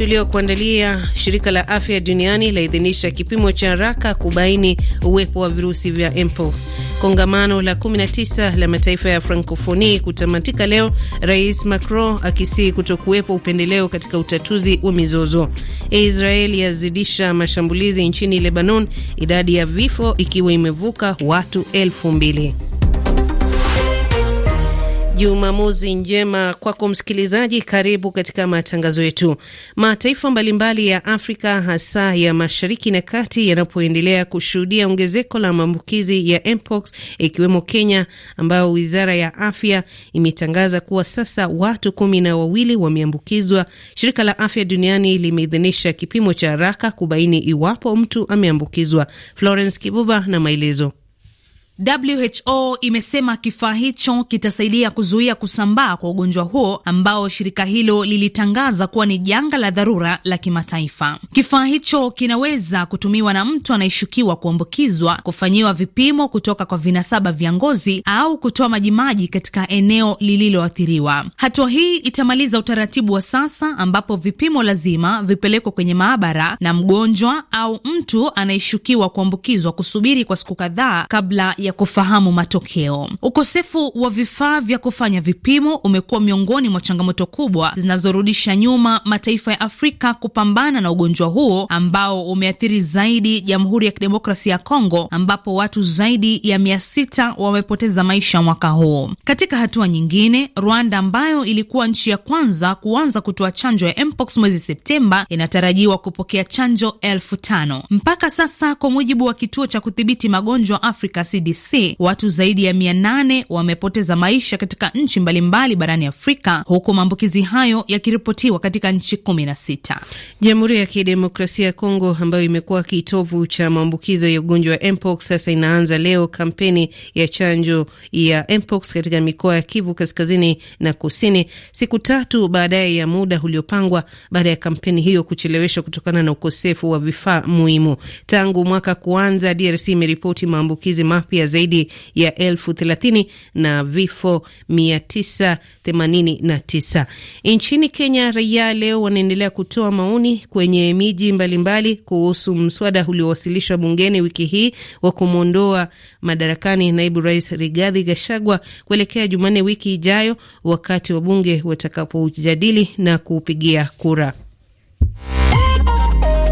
tuliokuandalia. Shirika la afya duniani laidhinisha kipimo cha haraka kubaini uwepo wa virusi vya mpox. Kongamano la 19 la mataifa ya Frankofoni kutamatika leo, Rais Macron akisii kutokuwepo upendeleo katika utatuzi wa mizozo. Israel yazidisha mashambulizi nchini Lebanon, idadi ya vifo ikiwa imevuka watu elfu mbili. Jumamosi njema kwako msikilizaji, karibu katika matangazo yetu. Mataifa mbalimbali ya Afrika hasa ya mashariki na kati yanapoendelea kushuhudia ongezeko la maambukizi ya mpox, ikiwemo Kenya ambayo wizara ya afya imetangaza kuwa sasa watu kumi na wawili wameambukizwa. Shirika la afya duniani limeidhinisha kipimo cha haraka kubaini iwapo mtu ameambukizwa. Florence Kibuba na maelezo. WHO imesema kifaa hicho kitasaidia kuzuia kusambaa kwa ugonjwa huo ambao shirika hilo lilitangaza kuwa ni janga la dharura la kimataifa. Kifaa hicho kinaweza kutumiwa na mtu anayeshukiwa kuambukizwa kufanyiwa vipimo kutoka kwa vinasaba vya ngozi au kutoa majimaji katika eneo lililoathiriwa. Hatua hii itamaliza utaratibu wa sasa ambapo vipimo lazima vipelekwe kwenye maabara na mgonjwa au mtu anayeshukiwa kuambukizwa kusubiri kwa siku kadhaa kabla ya ya kufahamu matokeo. Ukosefu wa vifaa vya kufanya vipimo umekuwa miongoni mwa changamoto kubwa zinazorudisha nyuma mataifa ya Afrika kupambana na ugonjwa huo ambao umeathiri zaidi Jamhuri ya Kidemokrasia ya Kongo, ambapo watu zaidi ya mia sita wamepoteza maisha mwaka huu. Katika hatua nyingine, Rwanda ambayo ilikuwa nchi ya kwanza kuanza kutoa chanjo ya mpox mwezi Septemba inatarajiwa kupokea chanjo elfu tano mpaka sasa, kwa mujibu wa kituo cha kudhibiti magonjwa Afrika CDC. DRC, watu zaidi ya mia nane wamepoteza maisha katika nchi mbalimbali barani Afrika, huku maambukizi hayo yakiripotiwa katika nchi kumi na sita. Jamhuri ya Kidemokrasia ya Kongo ambayo imekuwa kitovu cha maambukizo ya ugonjwa wa mpox sasa inaanza leo kampeni ya chanjo ya mpox katika mikoa ya Kivu kaskazini na kusini, siku tatu baadaye ya muda uliopangwa baada ya kampeni hiyo kucheleweshwa kutokana na ukosefu wa vifaa muhimu. Tangu mwaka kuanza, DRC imeripoti maambukizi mapya ya zaidi ya elfu thelathini na vifo 989. Nchini Kenya, raia leo wanaendelea kutoa maoni kwenye miji mbalimbali kuhusu mswada uliowasilishwa bungeni wiki hii wa kumwondoa madarakani naibu rais Rigathi Gachagua kuelekea Jumanne wiki ijayo, wakati wabunge watakapojadili na kupigia kura.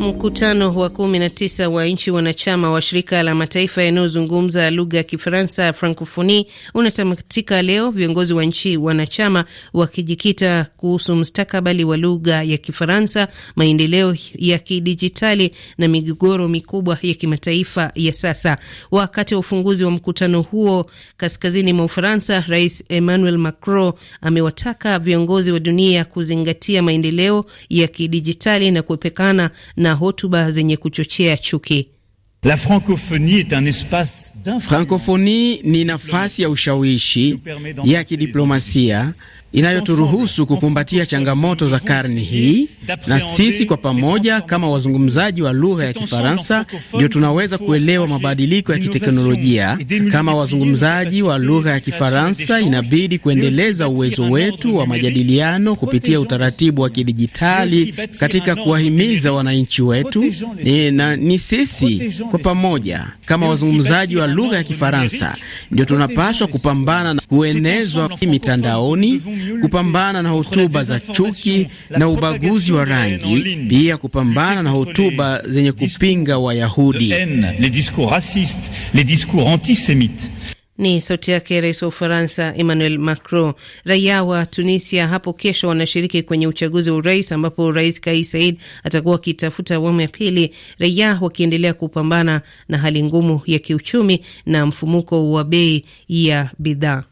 Mkutano wa 19 wa nchi wanachama wa shirika la mataifa yanayozungumza lugha ya Kifaransa, Francofoni, unatamatika leo, viongozi wa nchi wanachama wakijikita kuhusu mustakabali wa lugha ya Kifaransa, maendeleo ya kidijitali na migogoro mikubwa ya kimataifa ya sasa. Wakati wa ufunguzi wa mkutano huo kaskazini mwa Ufaransa, Rais Emmanuel Macron amewataka viongozi wa dunia kuzingatia maendeleo ya kidijitali na kuepekana na na hotuba zenye kuchochea chuki. La francophonie est un espace d'influence. ni nafasi ya ushawishi ya kidiplomasia inayoturuhusu kukumbatia changamoto za karne hii, na sisi kwa pamoja kama wazungumzaji wa lugha ya Kifaransa ndio tunaweza kuelewa mabadiliko ya kiteknolojia. Kama wazungumzaji wa lugha ya Kifaransa, inabidi kuendeleza uwezo wetu wa majadiliano kupitia utaratibu wa kidijitali katika kuwahimiza wananchi wetu. E, na ni sisi kwa pamoja kama wazungumzaji wa lugha ya Kifaransa ndio tunapaswa kupambana na kuenezwa mitandaoni kupambana na hotuba za chuki na ubaguzi wa rangi, pia kupambana na hotuba zenye kupinga Wayahudi. Ni sauti yake rais wa Ufaransa Emmanuel Macron. Raia wa Tunisia hapo kesho wanashiriki kwenye uchaguzi wa urais ambapo rais Kais said atakuwa akitafuta awamu ya pili, raia wakiendelea kupambana na hali ngumu ya kiuchumi na mfumuko wa bei ya bidhaa.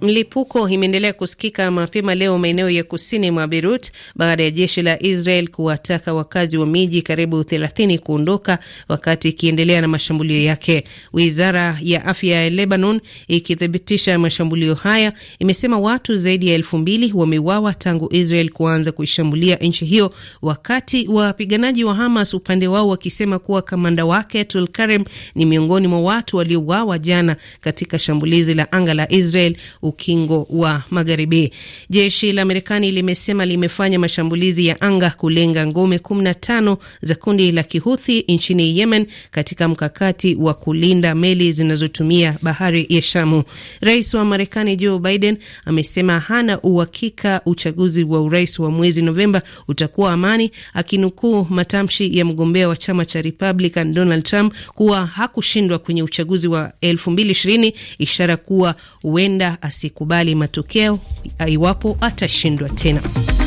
Mlipuko imeendelea kusikika mapema leo maeneo ya kusini mwa Beirut baada ya jeshi la Israel kuwataka wakazi wa miji karibu 30 kuondoka wakati ikiendelea na mashambulio yake. Wizara ya afya ya Lebanon ikithibitisha mashambulio haya imesema watu zaidi ya elfu mbili wameuawa tangu Israel kuanza kuishambulia nchi hiyo, wakati wapiganaji wa Hamas upande wao wakisema kuwa kamanda wake Tulkarem ni miongoni mwa watu waliouawa jana katika shambulizi la anga la Israel ukingo wa Magharibi. Jeshi la Marekani limesema limefanya mashambulizi ya anga kulenga ngome 15 za kundi la Kihuthi nchini Yemen katika mkakati wa kulinda meli zinazotumia bahari ya Shamu. Rais wa Marekani Joe Biden amesema hana uhakika uchaguzi wa urais wa mwezi Novemba utakuwa amani, akinukuu matamshi ya mgombea wa chama cha Republican Donald Trump kuwa hakushindwa kwenye uchaguzi wa 2020 ishara kuwa huenda asikubali matokeo iwapo atashindwa tena.